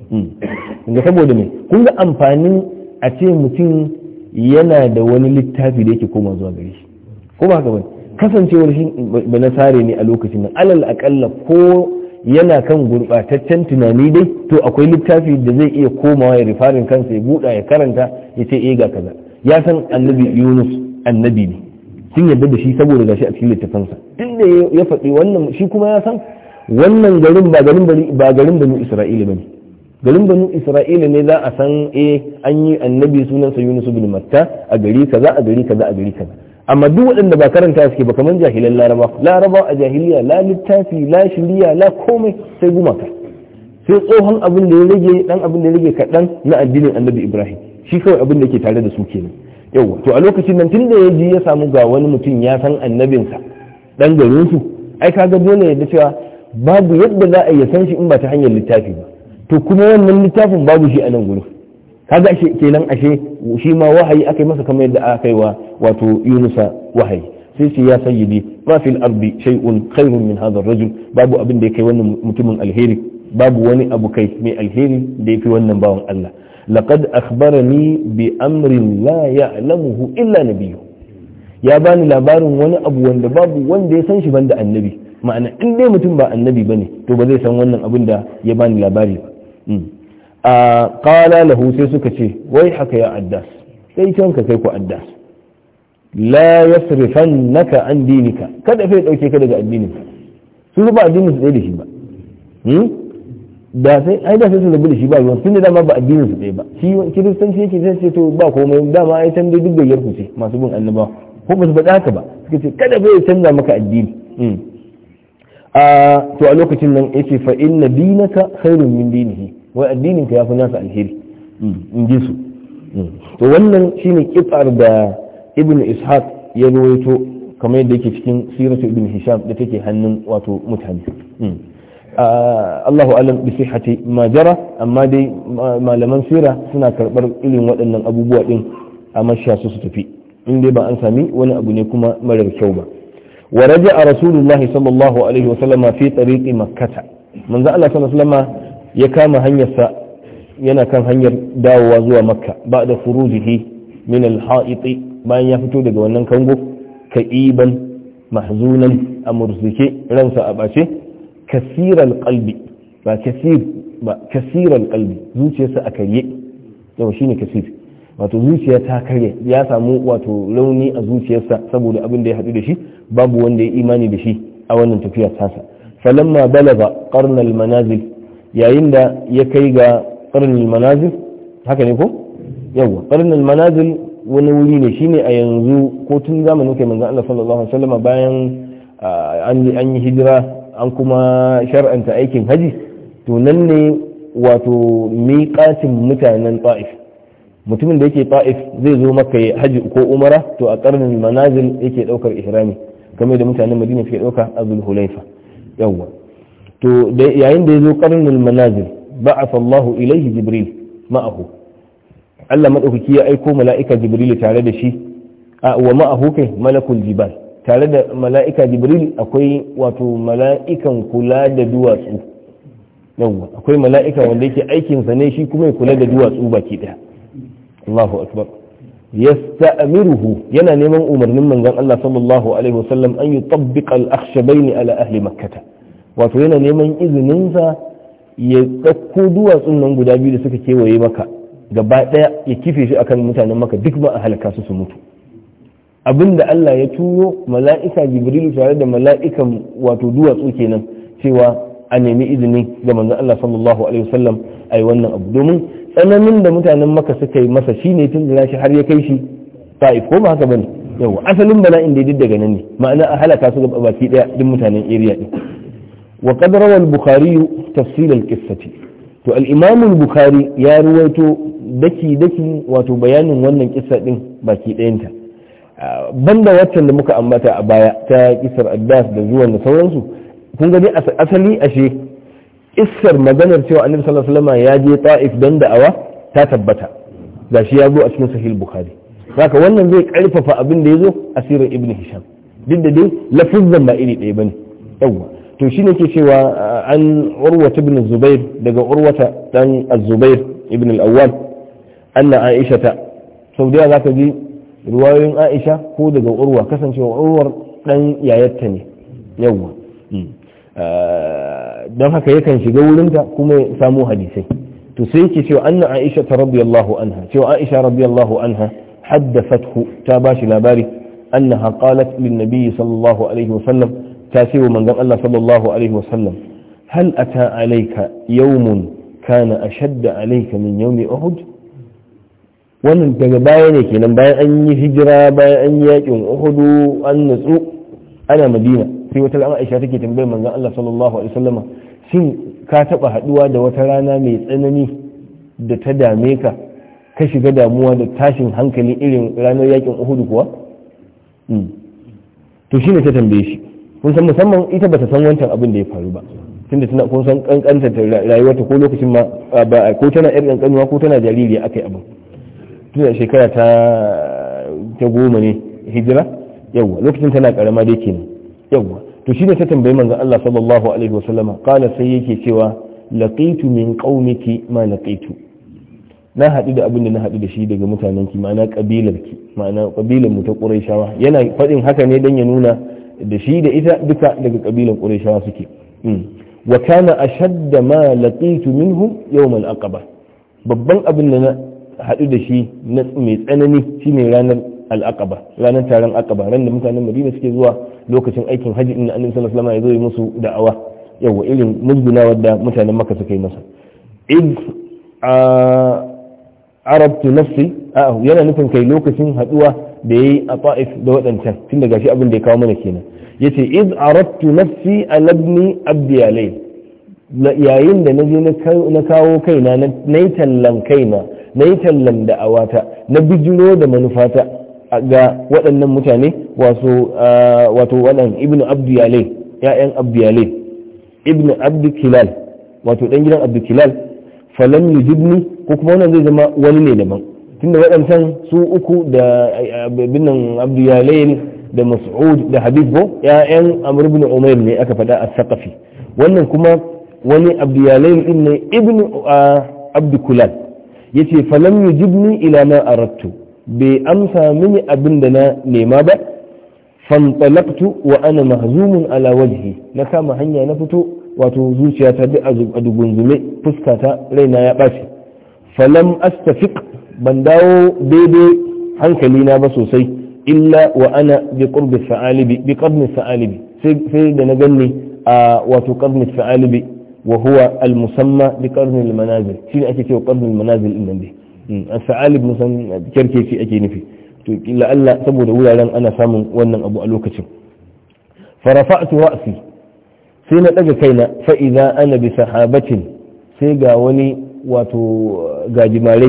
hmm. ga saboda mai kun ga amfanin a ce mutum yana da wani littafi da yake koma zuwa gare shi ko ba haka ba kasancewar shi ba na sare ne a lokacin nan alal akalla ko yana kan gurɓataccen tunani dai to akwai littafi da zai iya komawa ya rifarin kansa ya buɗa ya karanta ya ce eh, ga kaza ya san annabi yunus annabi ne sun yarda da shi saboda gashi a cikin littafansa duk da ya faɗi wannan shi kuma ya san wannan garin ba garin bari ba garin banu isra'ila bane garin banu isra'ila ne za a san eh an yi annabi sunan sa yunus bin matta a gari kaza a gari kaza a gari kaza amma duk waɗanda ba karanta suke ba kamar jahilan laraba laraba a jahiliya la littafi la shiriya la komai sai gumaka sai tsohon abin da ya rage dan abin da ya rage kaɗan na addinin annabi ibrahim shi kawai abin da yake tare da su kenan yau to a lokacin nan tun da ya ji ya samu ga wani mutum ya san annabinsa dan garin su ai kaga dole ya da cewa babu yadda za a yi san shi in ba ta hanyar littafi ba to kuma wannan littafin babu shi a nan gurin kaga ashe kenan ashe shi ma wahayi akai masa kamar yadda aka kai wa wato Yunusa wahayi sai ce ya sayyidi ma fil ardi shay'un khairun min hadha rajul babu abin da ya kai wannan mutumin alheri babu wani abu kai mai alheri da yake wannan bawan Allah laqad akhbarani bi amrin la ya'lamuhu illa na biyu. ya bani labarin wani abu wanda babu wanda ya san shi banda annabi ma'ana in dai mutum ba annabi ba ne, to ba zai san wannan abin da ya bani labari ba mm. a qala lahu sai suka ce wai haka ya addas sai can kai ku adda. la yasrifannaka an dinika kada fa ya ɗauke ka daga addinin su ba addinin su da shi ba hmm? da sai ai da sai su rabu da shi ba ruwan tunda dama ba addinin su ɗaya ba shi kiristanci yake zai ce to ba komai dama ai can dai duk da ku ce masu bin annaba ko ba su faɗa haka ba suka ce kada bai canza maka addini hmm. to a lokacin nan yace fa inna dinaka khairun min dinihi wai addinin ka yafi nasa alheri hmm, in ji su hmm. to wannan shine kitsar da ibn ishaq ya rawaito kamar yadda yake cikin siratu ibn hisham da take hannun wato mutane Allahu alam bi sihhati ma jara amma dai malaman sira suna karbar irin waɗannan abubuwa din a mashiya su su tafi in dai ba an sami wani abu ne kuma marar kyau ba wa a rasulullah sallallahu alaihi wa sallama fi tariqi makkah manzo Allah sallallahu alaihi ya kama hanyarsa yana kan hanyar dawowa zuwa makka ba da furujihi min al-ha'iti bayan ya fito daga wannan kango ka'iban mahzunan a murzike ransa a bace kasiral kalbi, ba kasir ba kasiral kalbi zuciyarsa a karye yau shine kasir wato zuciya ta karye ya samu wato launi a zuciyarsa saboda abin da ya haɗu da shi babu wanda ya imani da shi a wannan tafiya tasa falamma balaga qarnal manazil yayin da ya kai ga qarnal manazil haka ne ko yawa qarnal manazil wani wuri ne shine a yanzu ko tun zamanin kai manzo Allah sallallahu alaihi wasallam bayan ah, an yi hijira an kuma shar'anta aikin haji to nan ne wato miƙatin mutanen ta'if mutumin da yake ta'if zai zo maka ya haji ko umara to a ƙarnin manazil yake ɗaukar ihrami game da mutanen madina ke ɗauka a zulhulaifa yawwa to yayin da ya zo ƙarnin manazil ba'a Allahu ilaihi jibril ma'ahu Allah madaukaki ya aiko mala'ika jibril tare da shi wa ma'ahu kai malakul jibal tare da mala'ika jibril akwai wato mala'ikan kula da duwatsu yawwa akwai mala'ika wanda yake aikinsa ne shi kuma ya kula da duwatsu baki ɗaya. Allahu akbar yana neman umarnin manzon Allah sallallahu alaihi wasallam an yutabbiqa al-akhshabaini ala ahli makkata. wato yana neman izininsa ya ɗauko duwatsun nan guda biyu da suka kewaye maka gaba ɗaya ya kife shi akan mutanen maka duk ma a halaka su su mutu abinda Allah ya turo mala'ika jibrilu tare da mala'ikan wato duwatsu kenan cewa a nemi izini ga manzon Allah sallallahu alaihi wasallam ai wannan abu domin tsananin da mutanen maka suka yi masa shine tun da shi har ya kai shi ta'if ko ba haka bane yawa asalin bala'in da ya daga nan ne ma'ana a halaka su gaba baki daya din mutanen area din wa qad rawa al-bukhari tafsil al-qissati to al-imam al-bukhari ya ruwaito daki daki wato bayanin wannan kissa din baki dayanta banda waccan da muka ambata a baya ta kisar addas da zuwan da sauransu kun gani asali ashe isar maganar cewa annabi sallallahu alaihi wasallam ya je ta'if don da'awa ta tabbata gashi ya zo a cikin sahih bukhari haka wannan zai karfafa abin da ya zo asirin ibn hisham duk da dai lafizan ba iri daya bane yawa to shine ke cewa an urwata ibn zubair daga urwata dan az-zubair ibn al-awwal anna aisha ta sau da zaka ji ruwayoyin aisha ko daga urwa kasancewa urwar dan yayatta ne yawwa hmm. ah, don haka yakan shiga wurinta kuma ya samu hadisai to sai yake cewa anna aisha ta radiyallahu anha cewa aisha radiyallahu anha haddathathu ta bashi labari annaha qalat lin nabiy sallallahu alaihi wasallam ta ce wa manzon Allah sallallahu alaihi wasallam hal ata alayka yawmun kana ashadda alayka min yawmi uhud wannan daga baya ne kenan bayan an yi hijira bayan an yi yakin uhudu an nutsu ana madina sai wata ran aisha take tambayar manzon Allah sallallahu alaihi wasallama shin ka taba haduwa da wata rana mai tsanani da ta dame ka ka shiga damuwa da tashin hankali irin ranar yakin uhudu kuwa hmm. to shine ta tambaye shi kun san musamman ita bata san wancan abin da ya faru ba tunda tana kun san kankanta rayuwarta ko lokacin ma ko tana yar kankanuwa ko tana jaririya akai abin tun da shekara ta ta goma ne hijira yawwa lokacin tana karama yake kenan yawwa to shine ta tambayi manzon Allah sallallahu alaihi wasallama qala sai yake cewa laqitu min qaumiki ma laqitu na haɗu da abin da na haɗu da shi daga mutanenki ma'ana ƙabilarki ma'ana ƙabilar mu ta ƙurayshawa yana faɗin haka ne dan ya nuna da shi da ita duka daga ƙabilar ƙurayshawa suke hmm. wa kana ashadda ma laqitu minhum yawm al-aqaba babban abin da na. haɗu da shi mai tsanani ne ranar al'aqaba ranar taron aqaba ran da mutanen madina suke zuwa lokacin aikin hajji inda annabi sallallahu alaihi wasallam ya zo musu da'awa yawa irin musgunawar da mutanen makka suka yi masa id arabtu nafsi yana nufin kai lokacin haɗuwa da yayi a ta'if da wadancan tun daga gashi abin da ya kawo mana kenan yace id arabtu nafsi alabni abdi alai yayin da naje na kawo kaina na yi tallan kaina na yi tallan awata na bijiro da manufata ga waɗannan mutane wato waɗan ibn yale ya'yan ibnu ibn kilal wato ɗan gidan abdikilal falam yujibni ko kuma wannan zai zama wani ne daban tunda waɗancan su uku da binnan yale da mas'ud da habib bo ya'yan amur ibn umair ne aka faɗa a saƙafi wannan kuma wani abdu yale ne ibn kulal yace falam yujibni ila ma aradtu bai amsa mini abin da na nema ba fantalaqtu wa ana mahzumun ala wajhi na kama hanya na fito wato zuciyata bi a dugunzume ta raina ya ɓaci falam astafiq ban dawo daidai hankali na ba sosai illa wa ana bi qurbi sa'alibi bi qadmi sa'alibi sai da na ganni a wato qadmi sa'alibi wahuwa huwa al-musamma bi qarnil manazil shine ake cewa karnin manazil din nan dai hmm. as-sa'al ibn san kerkeci ake nufi to kila saboda wuraren ana samun wannan abu a lokacin farafa'tu ra'si sai na daga kaina fa idza ana bi sahabatin sai ga wani wato gajimare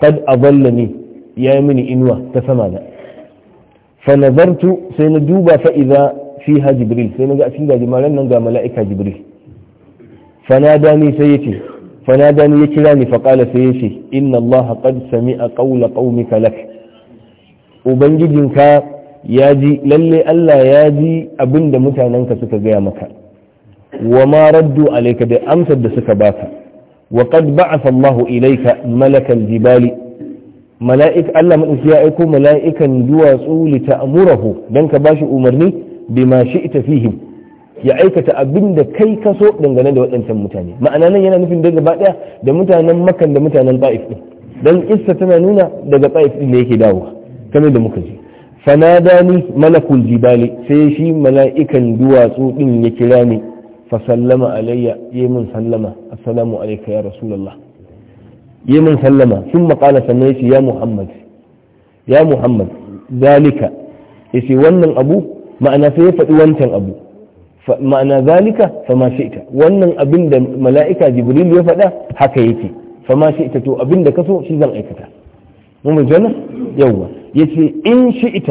kad adallani ya mini inuwa ta sama na sai na duba fa idza fiha jibril sai na ga a gajimaren nan ga mala'ika jibril fanadani sai yace fanadani ya kira ni faqala sai yace inna Allah qad sami'a qawla kalak. lak ubangijinka ya ji lallai Allah ya ji abinda mutanenka suka gaya maka wa ma raddu alayka da amsar da suka baka wa qad ba'atha Allah ilayka malakal jibali Allah madauki ya aiko mala'ikan duwatsu li ta'murahu dan ka bashi umarni bima shi'ta fihim ya aikata abin da kai ka so dangane da waɗancan mutane ma'ana nan yana nufin daga gaba ɗaya da mutanen makan da mutanen ta'if ɗin dan kissa tana nuna daga ta'if ɗin da yake dawo kame da muka ji fanadani malakul jibali sai shi mala'ikan duwatsu ɗin ya kira ni fa sallama alayya yi min sallama assalamu alayka ya rasulullah yi min sallama sun maƙala sannan ya ya muhammad ya muhammad zalika ya ce wannan abu ma'ana sai ya faɗi wancan abu ma'ana zalika fama shi ita wannan abin da mala'ika jibril ya faɗa haka yake fama shi ita to abin da kaso shi zan aikata mun mu jana yawa yace in shi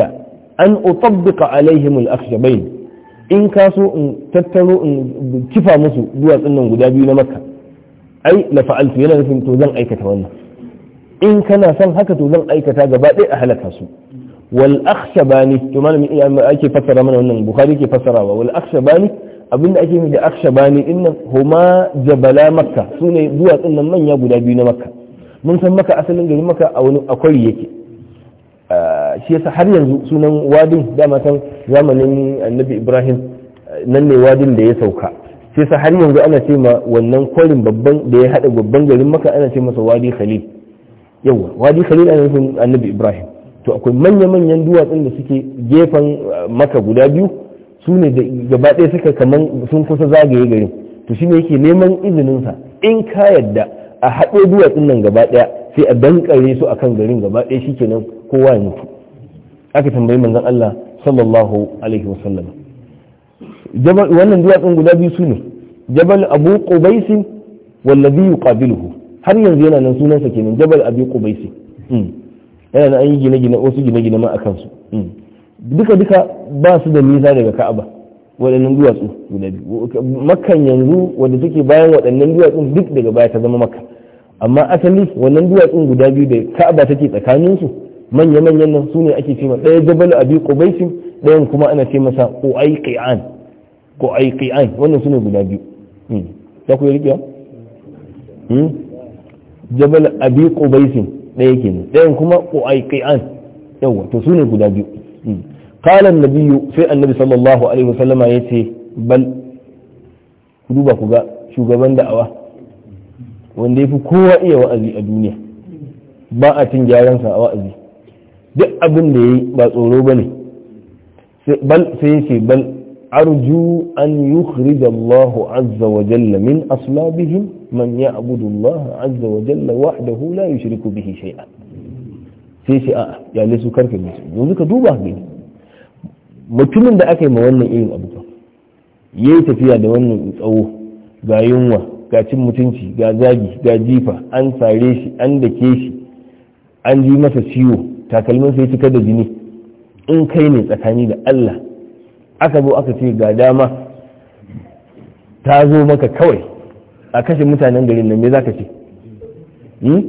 an utabbiqa alaihim al-akhshabain in kaso in tattaro in kifa musu duwatsun nan guda biyu na makka ai la fa'altu yana nufin to zan aikata wannan in kana son haka to zan aikata gaba ɗaya a halaka su wal akhshabani to malami eh, ake fassara mana wannan bukhari ke fassarawa wal akhshabani abinda ake nufi da akhshabani dinnan huma jabala makka sune duwatsun nan manya guda biyu na makka mun san maka asalin garin maka a wani akwari yake ah, shi yasa har yanzu sunan wadin dama tan zamanin annabi ibrahim ah, nan ne wadin da ya sauka sai sa har yanzu ana ce ma wannan kwarin babban da ya hada babban garin maka ana ce masa wadi khalil yawa wadi khalil ana nufin annabi ibrahim to akwai manya-manyan duwatsun da suke gefen uh, maka guda biyu su ne da gaba ɗaya suka kaman sun kusa zagaye gari to shi ne yake neman izininsa in ka yadda a haɗo duwatsun nan gaba ɗaya sai a dankare su akan garin gaba ɗaya shi kenan kowa ya mutu aka tambayi manzon Allah sallallahu alaihi wasallam jabal wannan duwatsun guda biyu su ne jabal abu qubais wallazi yuqabiluhu har yanzu yana nan sunansa kenan jabal abu qubais hmm. yana an yi gine-gine wasu gine-gine ma a kansu duka-duka hmm. ba su da nisa daga ka'aba waɗannan duwatsu guda biyu makan yanzu wanda suke bayan waɗannan duwatsun duk daga baya ta zama makka amma asali wannan duwatsun guda biyu da ka'aba take tsakaninsu manya-manyan nan su ne ake cewa ɗaya jabal abi qubaisin ɗayan kuma ana ce masa qu'aiqi'an qu'aiqi'an wannan su ne guda biyu hmm. za ku yi rikiya hmm. jabal abi qubaisin ɗaya ke ne ɗayan kuma an yawa to su ne guda biyu kalan hmm. nabiyu sai annabi sallallahu alaihi wasallama ya ce bal ku duba ku ga shugaban da'awa wanda ya fi kowa iya wa'azi a duniya ba a cin gyaran sa a wa'azi duk abin da ya yi ba tsoro ba ne bal sai ya ce bal arju an yukhrij Allahu azza wa jalla min aslabihim man ya'budu Allah azza wa jalla wahdahu la yushriku bihi shay'a sai shi a'a ya su karfe musu yanzu ka duba ne mutumin da aka yi ma wannan irin abu ba yayi tafiya da wannan tsawo ga yunwa ga cin mutunci ga zagi ga jifa an sare shi an dake shi an ji masa ciwo takalmin sai cika da jini in kai ne tsakani da Allah aka zo aka ce ga dama ta zo maka kawai a kashe mutanen garin nan me za ka ce hmm?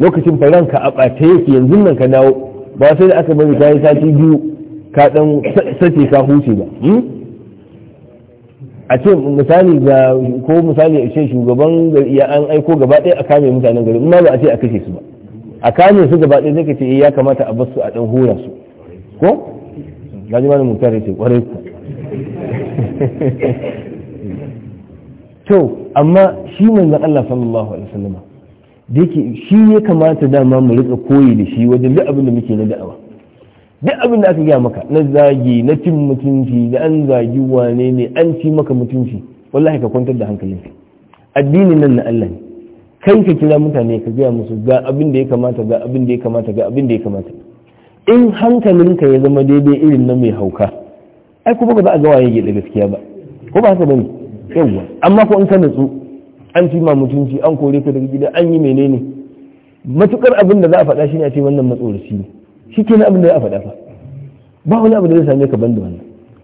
lokacin faran ka a ɓata yake yanzu nan ka dawo ba sai da aka bari yi sati biyu ka ɗan sace ka huce ba hmm? a ce misali ga ko misali a ce shugaban ya an aiko gaba ɗaya a kame mutanen garin ma ba a ce a kashe su ba a kame su gaba ɗaya zai ce eh, ya kamata a bar su a ɗan hura su ko ga ji malamin tare ce kwarai to amma shi manzon Allah sallallahu alaihi wasallama da yake shi ya kamata dama mu rika koyi da shi wajen duk abin da muke na da'awa duk abin da aka gaya maka na zagi na cin mutunci da an zagi wane ne an ci maka mutunci wallahi ka kwantar da hankalinka addinin nan na Allah ne kai ka kira mutane ka gaya musu ga abin da ya kamata ga abin da ya kamata ga abin da ya kamata in hankalinka ya zama daidai irin na mai hauka ai kuma ba za a ga waye da gaskiya ba ko ba haka bane yawwa amma ko in ka natsu an ci ma mutunci an kore ka daga gida an yi menene matukar abin da za a faɗa shi ne a ce wannan matsoraci ne shi ke abin da za a faɗa fa ba wani abin da zai same ka ban da wannan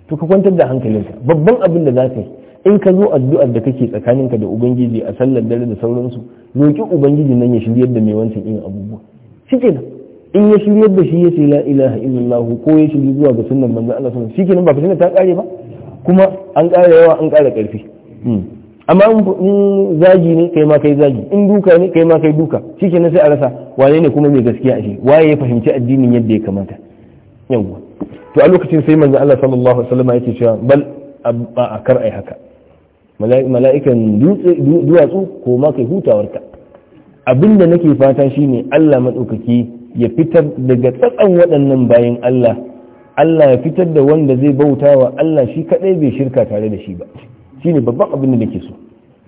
to ka kwantar da hankalinka babban abin da za ka yi in ka zo addu'ar da kake tsakaninka da ubangiji a sallar dare da sauransu roƙi ubangiji nan ya shiryar da mai wancan yin abubuwa shikenan in ya shiryar da shi ya ce la ilaha illallah ko ya shiryu zuwa ga sunnan manzo Allah sallallahu alaihi wasallam nan ba ka ta kare ba kuma an kara yawa an kara karfi amma in zagi ne kai ma kai zagi in duka ne kai ma kai duka na sai a rasa wane ne kuma mai gaskiya a shi waye ya fahimci addinin yadda ya kamata yawwa to a lokacin sai manzo Allah sallallahu alaihi wasallam yake cewa bal a kar ai haka mala'ikan duwatsu ko ma kai hutawarka abinda nake fata shine Allah madaukaki ya fitar daga tsatsan waɗannan bayan Allah Allah ya fitar da wanda zai bautawa Allah shi kadai bai shirka tare da shi ba shine babban abin da nake so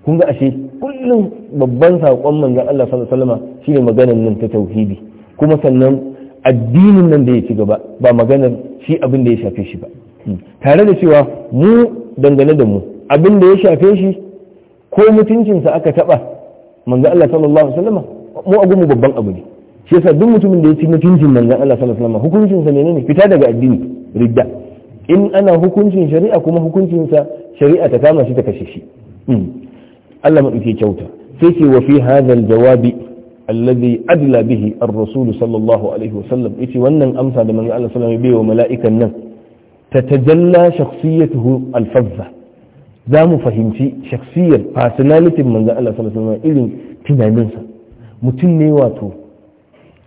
kun ga ashe kullum babban saƙon manzon Allah sallallahu alaihi wasallam shine maganar nan ta tauhidi kuma sannan addinin nan da ya ci gaba ba maganar shi abin da ya shafe shi ba hmm. tare da cewa mu dangane da mu abin da ya shafe shi ko mutuncinsa aka taba manzo Allah sallallahu alaihi wasallam mu a gumu babban abu ne shi yasa duk mutumin da ya ci mutuncin manzo Allah sallallahu alaihi wasallam hukuncin sa menene fita daga addini ridda in ana hukuncin shari'a kuma hukuncinsa shari'a ta kama shi ta kashe shi hmm. Allah maɗauki kyauta sai ce wa fi jawabi alladhi adla bihi ar-rasul sallallahu alaihi sallam. yace wannan amsa da manzo Allah sallallahu alaihi wa mala'ikan nan ta tajalla shakhsiyatuhu al-fazza za mu fahimci shakhsiyar personality manzo Allah sallallahu alaihi wasallam irin tunaninsa mutum ne wato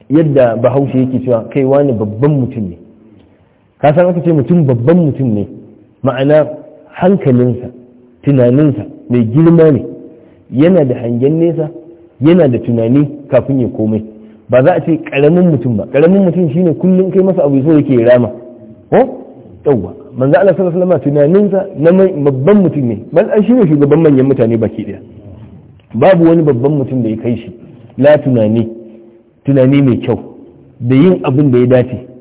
yadda bahaushe yake cewa kai wani babban mutum ne ka san aka ce mutum babban mutum ne ma'ana hankalinsa tunaninsa mai girma ne yana da hangen nesa yana da tunani kafin ya komai ba za a ce karamin mutum ba karamin mutum shine kullum kai masa abu so yake rama ko yawwa manzo Allah sallallahu alaihi wasallam tunaninsa na babban mutum ne bal an shine shugaban manyan mutane baki daya babu wani babban mutum da ya kai shi la tunani tunani mai kyau da yin abin da ya dace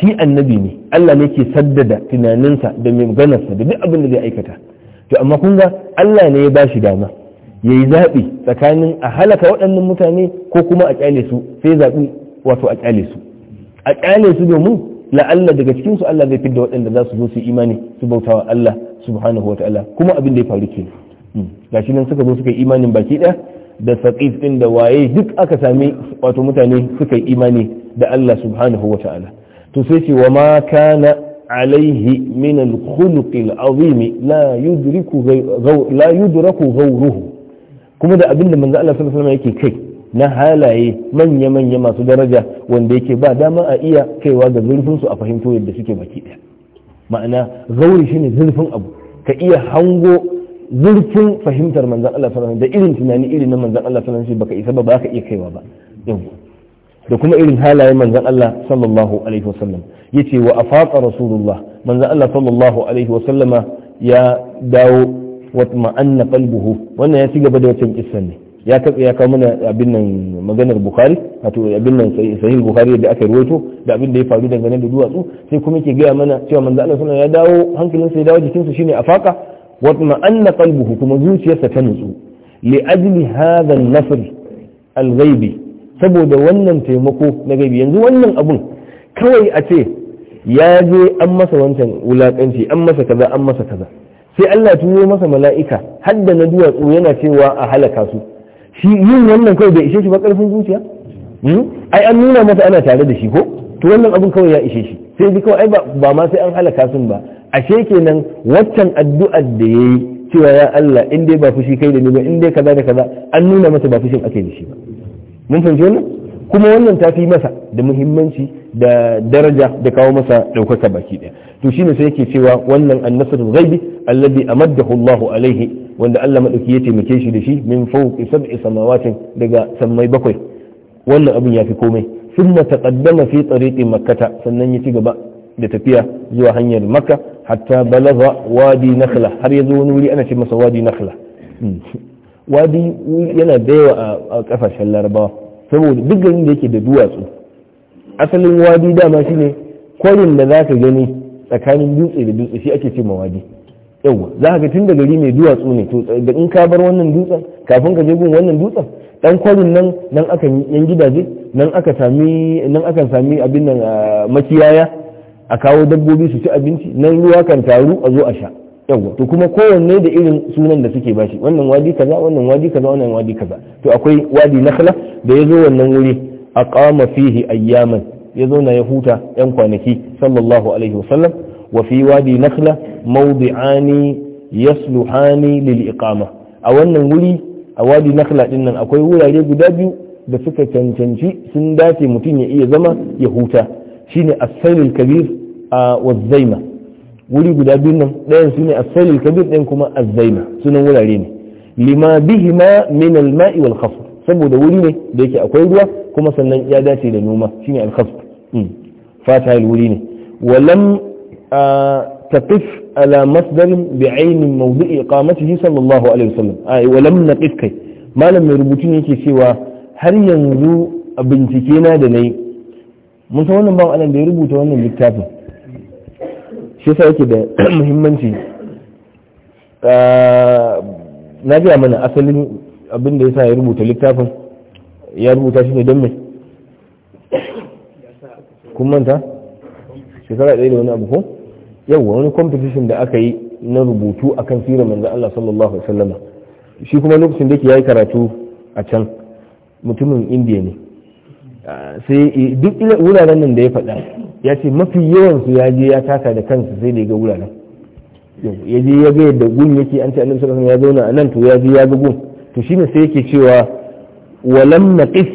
shi annabi ne Allah ne ke saddada tunaninsa da maganarsa da duk abin da zai aikata to amma kun ga Allah ne ya ba shi dama ya yi zaɓi tsakanin a halaka waɗannan mutane ko kuma a ƙyale su sai zaɓi wato a ƙyale su a ƙyale su domin la'alla daga cikin su Allah zai fidda waɗanda za su zo su imani su bauta wa Allah subhanahu wataala kuma abin da ya faru ke hmm. gashi nan suka zo suka yi imanin baki ɗaya da saqif din da waye duk aka sami wato mutane suka yi imani da Allah subhanahu wataala to sai wa ma kana alaihi min al-khuluqil azimi la yudriku la yudraku ghawruhu kuma da abinda manzo Allah sallallahu alaihi yake kai na halaye manya-manya masu daraja wanda yake ba dama a iya kaiwa ga zurfin su a fahimto yadda suke baki daya ma'ana gauri shine zurfin abu ka iya hango zurfin fahimtar manzan Allah sallallahu alaihi da irin tunani irin na manzan Allah sallallahu alaihi baka isa ba ba ka iya kaiwa ba yau da kuma irin halayen manzan Allah sallallahu alaihi wasallam ce wa afaqa rasulullah manzan Allah sallallahu alaihi wasallama ya dawo wa ma'anna kalbuhu wannan ya ci gaba da wancan kissan ne ya katse ya kawo mana abin nan maganar bukari wato abin nan sahih bukari da aka rawaito da abin da ya faru dangane da duwatsu sai kuma yake gaya mana cewa manzan Allah sallallahu ya dawo hankalinsa ya dawo jikinsa shine afaka wa ma'anna kalbuhu kuma zuciyarsa ta nutsu li ajli hadha an-nasr al-ghaibi saboda wannan taimako na gaibi yanzu wannan abun kawai a ce ya je an masa wancan wulakanci an masa kaza an masa kaza sai Allah turo masa mala'ika hadda na duwatsu yana cewa a halaka su shi yin wannan kawai bai ishe shi ba karfin zuciya hmm? ai an nuna masa ana tare da shi ko to wannan abun kawai ya ishe shi sai ji kawai ba ma sai an halaka sun ba ashe kenan wancan addu'ar da yayi cewa ya Allah in dai ba fushi kai da ni ba in dai kaza da kaza an nuna masa ba fushin ake da shi ba mun fahimci wannan kuma wannan ta fi masa da muhimmanci da daraja da kawo masa ɗaukaka baki ɗaya to shine sai yake cewa wannan annasrul ghaibi alladhi amaddahu Allahu alaihi wanda Allah madauki ya taimake shi da shi min fawqi sab'i samawatin daga sammai bakwai wannan abin ya fi komai thumma taqaddama fi tariqi makkata sannan ya ci gaba da tafiya zuwa hanyar makka hatta balaga wadi nakhla har ya zo wani wuri ana ce masa wadi nakhla hmm. wadi yana baiwa a kasashen larabawa saboda duk garin da yake da duwatsu asalin wadi dama shine kwarin da za ka gani tsakanin dutse da dutse shi ake ce ma wadi yawa za ka tun da gari mai duwatsu ne to da in ka bar wannan dutsen kafin ka je gun wannan dutsen dan kwarin nan nan akan yan gidaje nan aka sami nan aka sami abin nan makiyaya a kawo dabbobi su ci abinci nan ruwa kan taru a zo a sha yawa to kuma kowanne da irin sunan da suke bashi wannan wadi kaza wannan wadi kaza wannan wadi kaza to akwai wadi nakhla da yazo wannan wuri aqama fihi ayyaman ya na ya huta yan kwanaki sallallahu alaihi wasallam wa fi wadi nakhla mawdi'ani yasluhani lil iqama a wannan wuri a wadi nakhla din nan akwai wurare guda biyu da suka cancanci sun dace mutum ya iya zama ya huta shine as-sailul kabir a wazzaima wuri guda biyun nan ɗayan su ne asalil kabir ɗayan kuma azzaima sunan wurare ne lima ma min alma'i wal khasf saboda wuri ne da yake akwai ruwa kuma sannan ya dace da noma shine al khasf hmm. fata wuri ne walam taqif ala masdar bi ainin mawdu'i iqamatihi sallallahu alaihi wasallam ai walam naqif kai malam mai rubutu ne yake cewa har yanzu a bincike na da nayi mun san wannan ba Allah da ya rubuta wannan littafin shi sa yake da muhimmanci ah, na gaya mana asalin abin da ya sa ya rubuta littafin ya rubuta shi ne don mai kun manta shekara ɗaya da wani abu ko yawwa wani competition da aka yi na rubutu akan tsira manzan Allah sallallahu alaihi wasallama shi kuma lokacin da ya yi karatu a can mutumin indiya ne ah, sai duk wuraren nan da ya faɗa ya ce mafi yawansu ya je ya taka da kansu sai da ya ga wuraren ya je ya ga yadda gun yake an ce annabi sallallahu alaihi wasallam ya zauna a nan to ya je ya ga gun to shine sai yake cewa walam naqis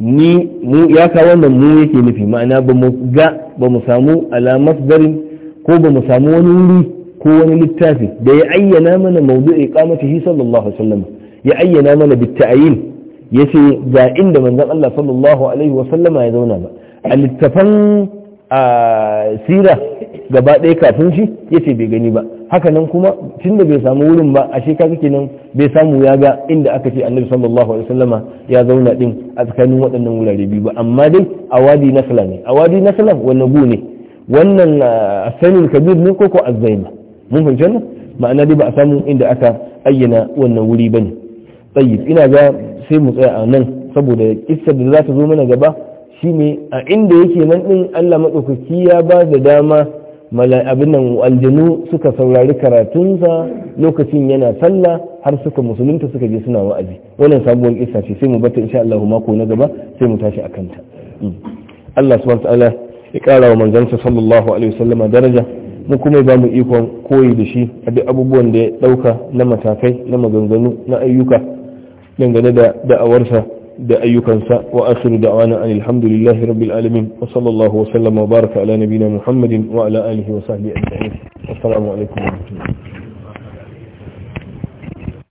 ni mu ya ka wannan mu yake nufi ma'ana ba mu ga ba mu samu alamas garin ko ba mu samu wani wuri ko wani littafi da ya ayyana mana mawdu'i qamatihi sallallahu alaihi wasallam ya ayyana mana bitta'yin yace ga inda manzon Allah sallallahu alaihi wa sallama ya zauna ba a littafan a sira gaba ɗaya kafin shi yace bai gani ba haka nan kuma tunda bai samu wurin ba a shekara kenan bai samu ya ga inda aka ce annabi sallallahu alaihi wasallama ya zauna din a tsakanin waɗannan wurare biyu ba amma dai a wadi nasla ne a wadi nasla wannan gu ne wannan sanin kabir ne koko azzaima mun fahimci ma'ana dai ba a samu inda aka ayyana wannan wuri bane tayyib ina ga sai mu tsaya a nan saboda kissa da za ta zo mana gaba shi ne a inda yake nan ɗin Allah maɗaukaki ya ba da dama abin nan aljanu suka saurari karatunsa lokacin yana sallah har suka musulunta suka je suna wa'azi wannan sabuwar kissa ce sai mu bata insha Allah mako na gaba sai mu tashi akan ta mm. Allah subhanahu ta'ala ya kara wa manzansa sallallahu alaihi wasallama daraja mu kuma ba mu ikon koyi da shi a duk abubuwan da ya ɗauka na matakai na maganganu na ayyuka dangane da da'awarsa da ayyukansa wa akhiru da'wana alhamdulillahi rabbil alamin wa sallallahu wa sallama wa baraka ala nabina muhammadin wa ala alihi wa sahbihi ajma'in assalamu alaikum wa rahmatullahi